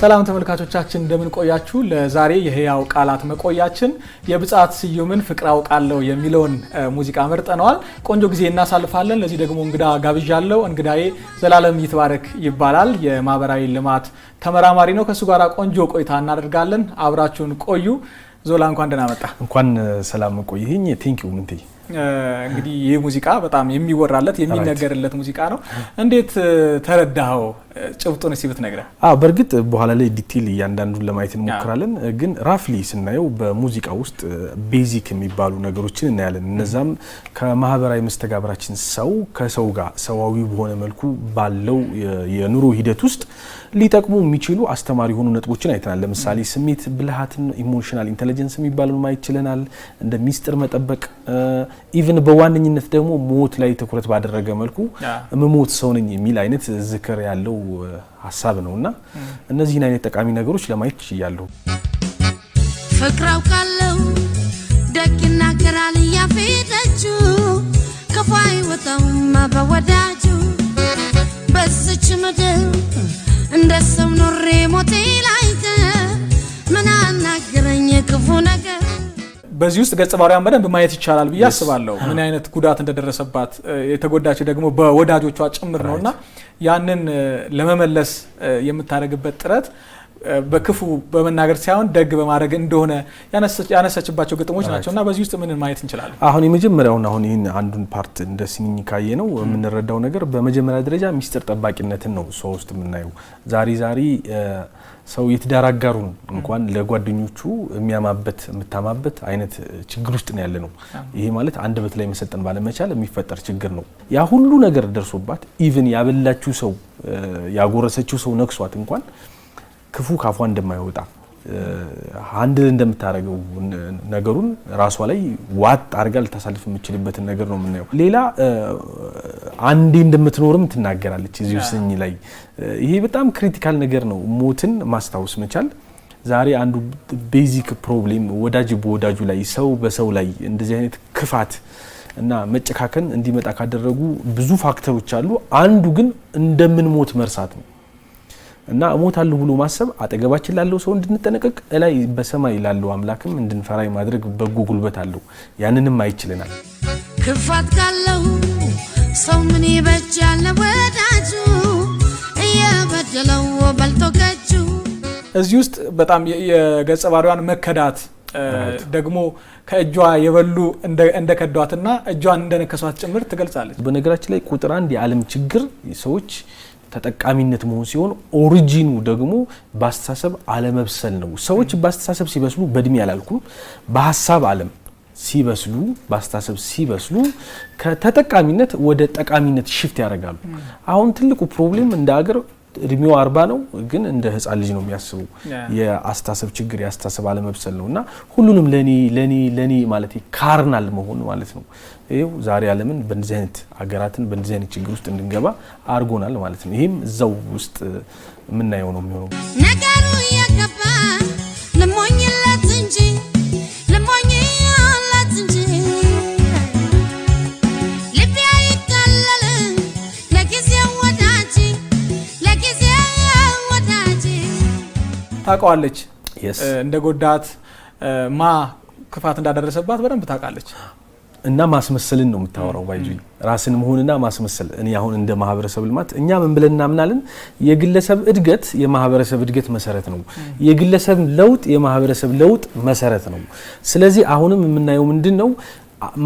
ሰላም ተመልካቾቻችን እንደምን ቆያችሁ? ለዛሬ የህያው ቃላት መቆያችን የብጻት ስዩምን ፍቅር አውቃለሁ የሚለውን ሙዚቃ መርጠነዋል። ቆንጆ ጊዜ እናሳልፋለን። ለዚህ ደግሞ እንግዳ ጋብዣለሁ። እንግዳዬ ዘላለም ይትባረክ ይባላል። የማህበራዊ ልማት ተመራማሪ ነው። ከእሱ ጋር ቆንጆ ቆይታ እናደርጋለን። አብራችሁን ቆዩ። ዞላ እንኳን ደህና መጣ። እንኳን ሰላም ቆይህኝ ቴንኪው ምንቴ እንግዲህ ይህ ሙዚቃ በጣም የሚወራለት የሚነገርለት ሙዚቃ ነው። እንዴት ተረዳኸው? ጭብጡን እስኪ ብትነግረን። በእርግጥ በኋላ ላይ ዲቴል እያንዳንዱን ለማየት እንሞክራለን፣ ግን ራፍሊ ስናየው በሙዚቃ ውስጥ ቤዚክ የሚባሉ ነገሮችን እናያለን። እነዛም ከማህበራዊ መስተጋብራችን ሰው ከሰው ጋር ሰዋዊ በሆነ መልኩ ባለው የኑሮ ሂደት ውስጥ ሊጠቅሙ የሚችሉ አስተማሪ የሆኑ ነጥቦችን አይተናል። ለምሳሌ ስሜት ብልሃትን ኢሞሽናል ኢንቴሊጀንስ የሚባለውን ማየት ችለናል። እንደ ሚስጥር መጠበቅ ኢቭን በዋነኝነት ደግሞ ሞት ላይ ትኩረት ባደረገ መልኩ ምሞት ሰው ነኝ የሚል አይነት ዝክር ያለው ሀሳብ ነው እና እነዚህን አይነት ጠቃሚ ነገሮች ለማየት ችያለሁ። በዚህ ውስጥ ገጸ ባህሪዋን በደንብ ማየት ይቻላል ብዬ አስባለሁ። ምን አይነት ጉዳት እንደደረሰባት የተጎዳችው ደግሞ በወዳጆቿ ጭምር እና ያንን ለመመለስ የምታደርግበት ጥረት በክፉ በመናገር ሳይሆን ደግ በማድረግ እንደሆነ ያነሳችባቸው ግጥሞች ናቸው እና በዚህ ውስጥ ምንን ማየት እንችላለን? አሁን የመጀመሪያውን አሁን ይህን አንዱን ፓርት እንደ ስንኝ ካየ ነው የምንረዳው ነገር በመጀመሪያ ደረጃ ሚስጥር ጠባቂነትን ነው ሰው ውስጥ የምናየው። ዛሬ ዛሬ ሰው የትዳር አጋሩን እንኳን ለጓደኞቹ የሚያማበት የምታማበት አይነት ችግር ውስጥ ነው ያለ ነው። ይሄ ማለት አንደበት ላይ መሰጠን ባለመቻል የሚፈጠር ችግር ነው። ያ ሁሉ ነገር ደርሶባት ኢቭን ያበላችው ሰው ያጎረሰችው ሰው ነክሷት እንኳን ክፉ ካፏ እንደማይወጣ አንድ እንደምታደርገው ነገሩን ራሷ ላይ ዋጥ አድርጋ ልታሳልፍ የምችልበትን ነገር ነው የምናየው። ሌላ አንዴ እንደምትኖርም ትናገራለች እዚሁ ስኝ ላይ። ይሄ በጣም ክሪቲካል ነገር ነው፣ ሞትን ማስታወስ መቻል። ዛሬ አንዱ ቤዚክ ፕሮብሌም ወዳጅ በወዳጁ ላይ፣ ሰው በሰው ላይ እንደዚህ አይነት ክፋት እና መጨካከን እንዲመጣ ካደረጉ ብዙ ፋክተሮች አሉ። አንዱ ግን እንደምንሞት መርሳት ነው። እና እሞታለሁ ብሎ ማሰብ አጠገባችን ላለው ሰው እንድንጠነቀቅ እላይ በሰማይ ላለው አምላክም እንድንፈራ ማድረግ በጎ ጉልበት አለው። ያንንም አይችልናል። ክፋት ካለው ሰው ምን ይበጃል? ወዳጁ እየበደለው በልቶ ከጁ እዚህ ውስጥ በጣም የገጸ ባህሪዋን መከዳት ደግሞ ከእጇ የበሉ እንደከዷትና እጇን እንደነከሷት ጭምር ትገልጻለች። በነገራችን ላይ ቁጥር አንድ የዓለም ችግር ሰዎች ተጠቃሚነት መሆን ሲሆን ኦሪጂኑ ደግሞ በአስተሳሰብ አለመብሰል ነው። ሰዎች በአስተሳሰብ ሲበስሉ በእድሜ አላልኩም፣ በሀሳብ አለም ሲበስሉ በአስተሳሰብ ሲበስሉ ከተጠቃሚነት ወደ ጠቃሚነት ሽፍት ያደርጋሉ። አሁን ትልቁ ፕሮብሌም እንደ ሀገር እድሜው አርባ ነው ግን እንደ ህፃን ልጅ ነው የሚያስቡ። የአስተሳሰብ ችግር የአስተሳሰብ አለመብሰል ነው እና ሁሉንም ለኔ ለኔ ለኔ ማለት ካርናል መሆን ማለት ነው። ይኸው ዛሬ ዓለምን በእንደዚህ አይነት ሀገራትን በእንደዚህ አይነት ችግር ውስጥ እንድንገባ አድርጎናል ማለት ነው። ይህም እዛው ውስጥ የምናየው ነው የሚሆነው ነገሩ ታውቀዋለች። እንደ ጎዳት ማ ክፋት እንዳደረሰባት በደንብ ታውቃለች። እና ማስመሰልን ነው የምታወራው። ባይዙ ራስን መሆንና ማስመሰል። እኔ አሁን እንደ ማህበረሰብ ልማት እኛ ምን ብለን እናምናለን? የግለሰብ እድገት የማህበረሰብ እድገት መሰረት ነው። የግለሰብ ለውጥ የማህበረሰብ ለውጥ መሰረት ነው። ስለዚህ አሁንም የምናየው ምንድን ነው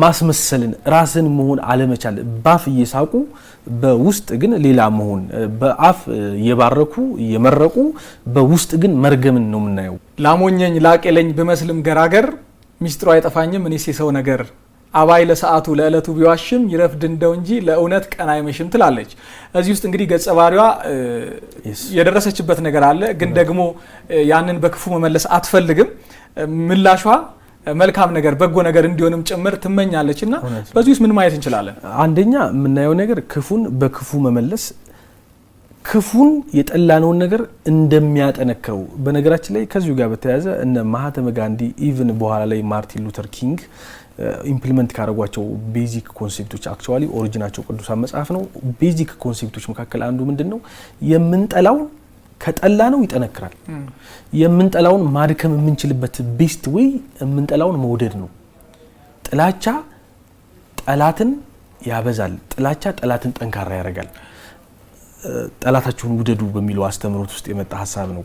ማስመሰልን ራስን መሆን አለመቻል፣ ባፍ እየሳቁ በውስጥ ግን ሌላ መሆን፣ በአፍ እየባረኩ እየመረቁ በውስጥ ግን መርገምን ነው የምናየው። ላሞኘኝ ላቄለኝ ብመስልም ገራገር ሚስጥሩ አይጠፋኝም እኔ ሴሰው ነገር አባይ ለሰዓቱ ለዕለቱ ቢዋሽም ይረፍ ድንደው እንጂ ለእውነት ቀን አይመሽም ትላለች። እዚህ ውስጥ እንግዲህ ገጸ ባህሪዋ የደረሰችበት ነገር አለ፣ ግን ደግሞ ያንን በክፉ መመለስ አትፈልግም ምላሿ መልካም ነገር በጎ ነገር እንዲሆንም ጭምር ትመኛለች እና በዚህ ውስጥ ምን ማየት እንችላለን? አንደኛ የምናየው ነገር ክፉን በክፉ መመለስ ክፉን የጠላነውን ነገር እንደሚያጠነክረው በነገራችን ላይ ከዚሁ ጋር በተያያዘ እነ ማህተመ ጋንዲ ኢቭን በኋላ ላይ ማርቲን ሉተር ኪንግ ኢምፕሊመንት ካደረጓቸው ቤዚክ ኮንሴፕቶች አክቹዋሊ ኦሪጂናቸው ቅዱሳን መጽሐፍ ነው። ቤዚክ ኮንሴፕቶች መካከል አንዱ ምንድን ነው የምንጠላውን ከጠላ ነው ይጠነክራል። የምንጠላውን ማድከም የምንችልበት ቤስት ወይ የምንጠላውን መውደድ ነው። ጥላቻ ጠላትን ያበዛል። ጥላቻ ጠላትን ጠንካራ ያደርጋል። ጠላታችሁን ውደዱ በሚለው አስተምህሮት ውስጥ የመጣ ሀሳብ ነው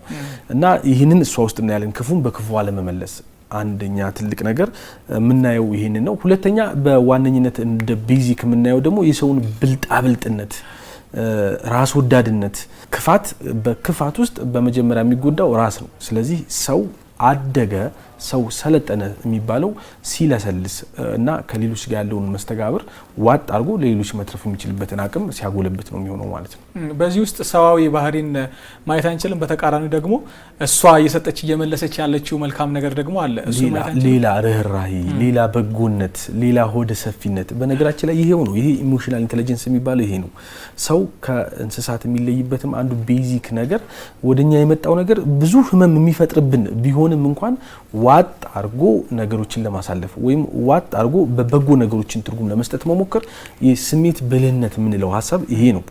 እና ይህንን እሷ ውስጥ እናያለን። ክፉን በክፉ አለመመለስ አንደኛ ትልቅ ነገር የምናየው ይህንን ነው። ሁለተኛ በዋነኝነት እንደ ቤዚክ የምናየው ደግሞ የሰውን ብልጥነት ራስ ወዳድነት፣ ክፋት። በክፋት ውስጥ በመጀመሪያ የሚጎዳው ራስ ነው። ስለዚህ ሰው አደገ ሰው ሰለጠነ የሚባለው ሲለሰልስ እና ከሌሎች ጋር ያለውን መስተጋብር ዋጥ አድርጎ ለሌሎች መትረፍ የሚችልበትን አቅም ሲያጎለብት ነው የሚሆነው ማለት ነው። በዚህ ውስጥ ሰዋዊ ባህሪን ማየት አንችልም። በተቃራኒ ደግሞ እሷ እየሰጠች እየመለሰች ያለችው መልካም ነገር ደግሞ አለ። ሌላ ርኅራሄ፣ ሌላ በጎነት፣ ሌላ ሆደ ሰፊነት። በነገራችን ላይ ይሄው ነው ይሄ ኢሞሽናል ኢንቴሊጀንስ የሚባለው ይሄ ነው። ሰው ከእንስሳት የሚለይበትም አንዱ ቤዚክ ነገር ወደኛ የመጣው ነገር ብዙ ህመም የሚፈጥርብን ቢሆንም እንኳን ዋጥ አድርጎ ነገሮችን ለማሳለፍ ወይም ዋጥ አድርጎ በበጎ ነገሮችን ትርጉም ለመስጠት መሞከር የስሜት ብልህነት የምንለው ሀሳብ ይሄ ነው።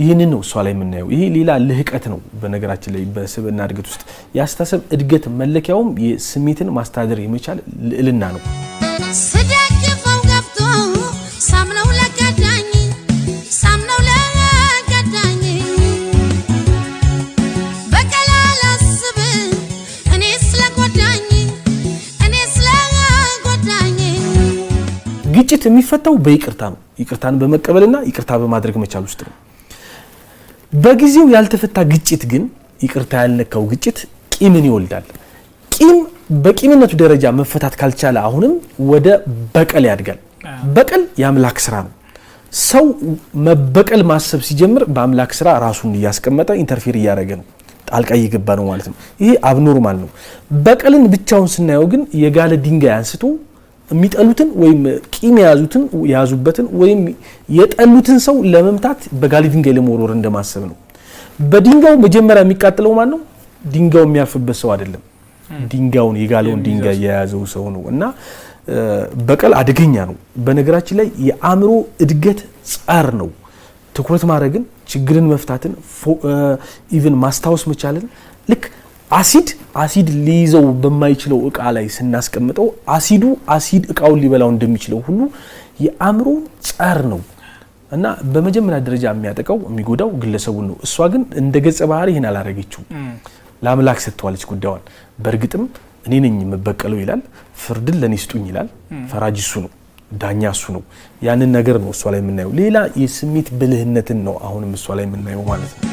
ይህንን ነው እሷ ላይ የምናየው። ይሄ ሌላ ልህቀት ነው። በነገራችን ላይ በስብዕና እድገት ውስጥ የአስተሳሰብ እድገት መለኪያውም የስሜትን ማስተዳደር የመቻል ልዕልና ነው። ግጭት የሚፈታው በይቅርታ ነው። ይቅርታን በመቀበልና ይቅርታ በማድረግ መቻል ውስጥ ነው። በጊዜው ያልተፈታ ግጭት ግን ይቅርታ ያልነካው ግጭት ቂምን ይወልዳል። ቂም በቂምነቱ ደረጃ መፈታት ካልቻለ አሁንም ወደ በቀል ያድጋል። በቀል የአምላክ ስራ ነው። ሰው መበቀል ማሰብ ሲጀምር በአምላክ ስራ ራሱን እያስቀመጠ ኢንተርፌር እያደረገ ነው፣ ጣልቃ እየገባ ነው ማለት ነው። ይሄ አብኖርማል ነው። በቀልን ብቻውን ስናየው ግን የጋለ ድንጋይ አንስቶ የሚጠሉትን ወይም ቂም የያዙትን የያዙበትን ወይም የጠሉትን ሰው ለመምታት በጋሊ ድንጋይ ለመወርወር እንደማሰብ ነው። በድንጋዩ መጀመሪያ የሚቃጥለው ማን ነው? ድንጋዩ የሚያርፍበት ሰው አይደለም፣ ድንጋዩን የጋለውን ድንጋይ የያዘው ሰው ነው። እና በቀል አደገኛ ነው። በነገራችን ላይ የአእምሮ እድገት ጸር ነው። ትኩረት ማድረግን፣ ችግርን መፍታትን፣ ኢቨን ማስታወስ መቻልን ልክ አሲድ አሲድ ሊይዘው በማይችለው እቃ ላይ ስናስቀምጠው አሲዱ አሲድ እቃውን ሊበላው እንደሚችለው ሁሉ የአእምሮ ጸር ነው እና በመጀመሪያ ደረጃ የሚያጠቀው የሚጎዳው ግለሰቡን ነው። እሷ ግን እንደ ገጸ ባህሪ ይህን አላረገችው፣ ለአምላክ ሰጥተዋለች ጉዳዩን። በእርግጥም እኔ ነኝ የምበቀለው ይላል፣ ፍርድን ለእኔ ስጡኝ ይላል። ፈራጅ እሱ ነው፣ ዳኛ እሱ ነው። ያንን ነገር ነው እሷ ላይ የምናየው። ሌላ የስሜት ብልህነትን ነው አሁንም እሷ ላይ የምናየው ማለት ነው።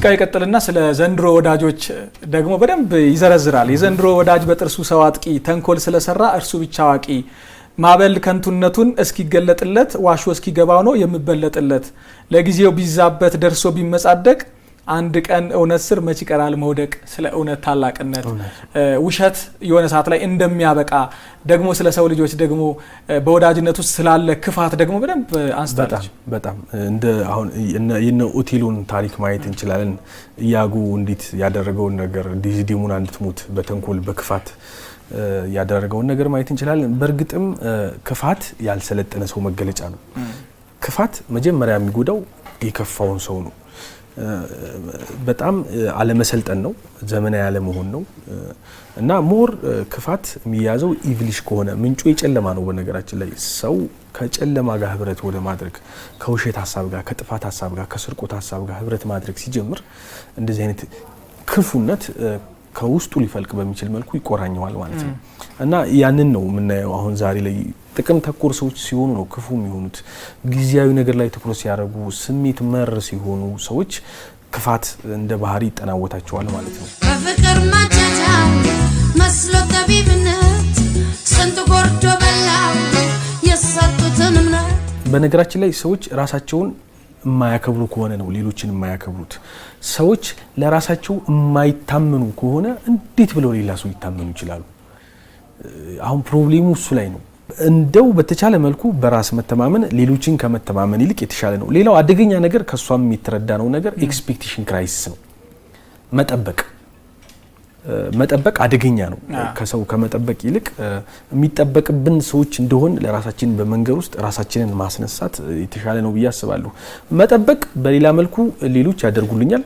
ሙዚቃ ይቀጥልና ስለ ዘንድሮ ወዳጆች ደግሞ በደንብ ይዘረዝራል። የዘንድሮ ወዳጅ በጥርሱ ሰው አጥቂ ተንኮል ስለሰራ እርሱ ብቻ አዋቂ ማበል ከንቱነቱን እስኪገለጥለት ዋሾ እስኪገባው ነው የምበለጥለት ለጊዜው ቢዛበት ደርሶ ቢመጻደቅ አንድ ቀን እውነት ስር መች ይቀራል መውደቅ፣ ስለ እውነት ታላቅነት ውሸት የሆነ ሰዓት ላይ እንደሚያበቃ ደግሞ ስለ ሰው ልጆች ደግሞ በወዳጅነት ውስጥ ስላለ ክፋት ደግሞ በደንብ አንስታለች። በጣም እንደ አሁን የነ ኦቴሎን ታሪክ ማየት እንችላለን። እያጉ እንዴት ያደረገውን ነገር ዲዚዲሙና እንድትሞት በተንኮል በክፋት ያደረገውን ነገር ማየት እንችላለን። በእርግጥም ክፋት ያልሰለጠነ ሰው መገለጫ ነው። ክፋት መጀመሪያ የሚጎዳው የከፋውን ሰው ነው። በጣም አለመሰልጠን ነው፣ ዘመናዊ አለመሆን ነው እና ሞር ክፋት የሚያዘው ኢቭሊሽ ከሆነ ምንጩ የጨለማ ነው። በነገራችን ላይ ሰው ከጨለማ ጋር ህብረት ወደ ማድረግ ከውሸት ሀሳብ ጋር፣ ከጥፋት ሀሳብ ጋር፣ ከስርቆት ሀሳብ ጋር ህብረት ማድረግ ሲጀምር እንደዚህ አይነት ክፉነት ከውስጡ ሊፈልቅ በሚችል መልኩ ይቆራኘዋል ማለት ነው እና ያንን ነው የምናየው አሁን ዛሬ ላይ ጥቅም ተኮር ሰዎች ሲሆኑ ነው ክፉ የሚሆኑት። ጊዜያዊ ነገር ላይ ትኩረት ሲያደርጉ፣ ስሜት መር ሲሆኑ ሰዎች ክፋት እንደ ባህሪ ይጠናወታቸዋል ማለት ነው። በፍቅር መተታው መስሎ ጠቢብነት ስንት ጎርዶ በላው የሰጡትን እምነት። በነገራችን ላይ ሰዎች ራሳቸውን የማያከብሩ ከሆነ ነው ሌሎችን የማያከብሩት። ሰዎች ለራሳቸው የማይታመኑ ከሆነ እንዴት ብለው ሌላ ሰው ይታመኑ ይችላሉ? አሁን ፕሮብሌሙ እሱ ላይ ነው። እንደው በተቻለ መልኩ በራስ መተማመን ሌሎችን ከመተማመን ይልቅ የተሻለ ነው። ሌላው አደገኛ ነገር ከእሷም የሚተረዳ ነው ነገር ኤክስፔክቴሽን ክራይሲስ ነው። መጠበቅ መጠበቅ አደገኛ ነው። ከሰው ከመጠበቅ ይልቅ የሚጠበቅብን ሰዎች እንደሆን ለራሳችን በመንገድ ውስጥ ራሳችንን ማስነሳት የተሻለ ነው ብዬ አስባለሁ። መጠበቅ በሌላ መልኩ ሌሎች ያደርጉልኛል፣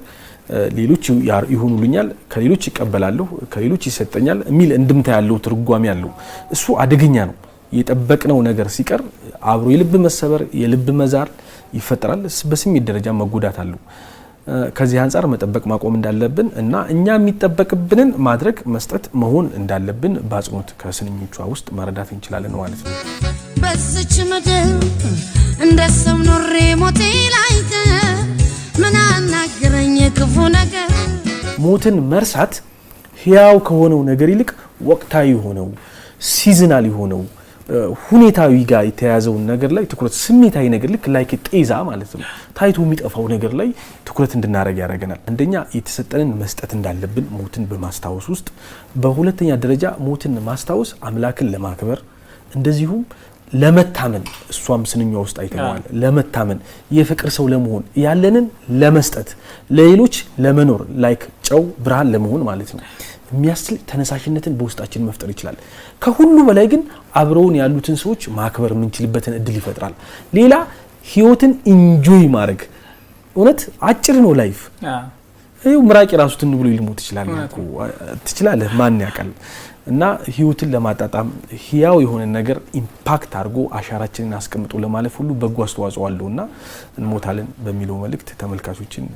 ሌሎች ይሆኑልኛል፣ ከሌሎች ይቀበላለሁ፣ ከሌሎች ይሰጠኛል የሚል እንድምታ ያለው ትርጓሜ ያለው እሱ አደገኛ ነው። የጠበቅነው ነገር ሲቀር አብሮ የልብ መሰበር፣ የልብ መዛር ይፈጠራል። በስሜት ደረጃ መጎዳት አለው። ከዚህ አንጻር መጠበቅ ማቆም እንዳለብን እና እኛ የሚጠበቅብንን ማድረግ መስጠት መሆን እንዳለብን በአጽንኦት ከስንኞቿ ውስጥ መረዳት እንችላለን ማለት ነው። በዝች ምድር እንደ ሰው ኖሬ ሞቴ ላይተ ምን አናገረኝ ክፉ ነገር። ሞትን መርሳት ህያው ከሆነው ነገር ይልቅ ወቅታዊ የሆነው ሲዝናል የሆነው ሁኔታዊ ጋር የተያዘውን ነገር ላይ ትኩረት፣ ስሜታዊ ነገር ልክ ላይክ ጤዛ ማለት ነው ታይቶ የሚጠፋው ነገር ላይ ትኩረት እንድናደረግ ያደረገናል። አንደኛ የተሰጠንን መስጠት እንዳለብን ሞትን በማስታወስ ውስጥ፣ በሁለተኛ ደረጃ ሞትን ማስታወስ አምላክን ለማክበር እንደዚሁም ለመታመን እሷም ስንኛ ውስጥ አይተዋል። ለመታመን የፍቅር ሰው ለመሆን ያለንን ለመስጠት፣ ለሌሎች ለመኖር ላይክ ጨው ብርሃን ለመሆን ማለት ነው። የሚያስችል ተነሳሽነትን በውስጣችን መፍጠር ይችላል። ከሁሉ በላይ ግን አብረውን ያሉትን ሰዎች ማክበር የምንችልበትን እድል ይፈጥራል። ሌላ ህይወትን ኢንጆይ ማድረግ እውነት አጭር ነው ላይፍ ምራቂ ምራቅ የራሱ ትን ብሎ ሊሞት ትችላለህ፣ ማን ያውቃል? እና ህይወትን ለማጣጣም ህያው የሆነ ነገር ኢምፓክት አድርጎ አሻራችንን አስቀምጦ ለማለፍ ሁሉ በጎ አስተዋጽኦ አለው እና እንሞታለን በሚለው መልእክት ተመልካቾችን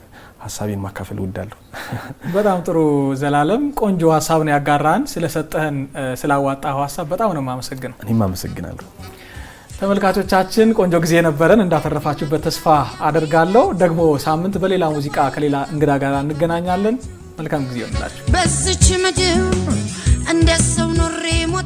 ሀሳቤን ማካፈል እወዳለሁ። በጣም ጥሩ ዘላለም፣ ቆንጆ ሀሳብ ነው ያጋራን። ስለሰጠህን ስላዋጣኸው ሀሳብ በጣም ነው የማመሰግነው። እኔም አመሰግናለሁ። ተመልካቾቻችን ቆንጆ ጊዜ ነበረን፣ እንዳተረፋችሁበት ተስፋ አደርጋለሁ። ደግሞ ሳምንት በሌላ ሙዚቃ ከሌላ እንግዳ ጋር እንገናኛለን። መልካም ጊዜ ይሆንላችሁ። በዚች ምድር እንደ ሰው ኖሬ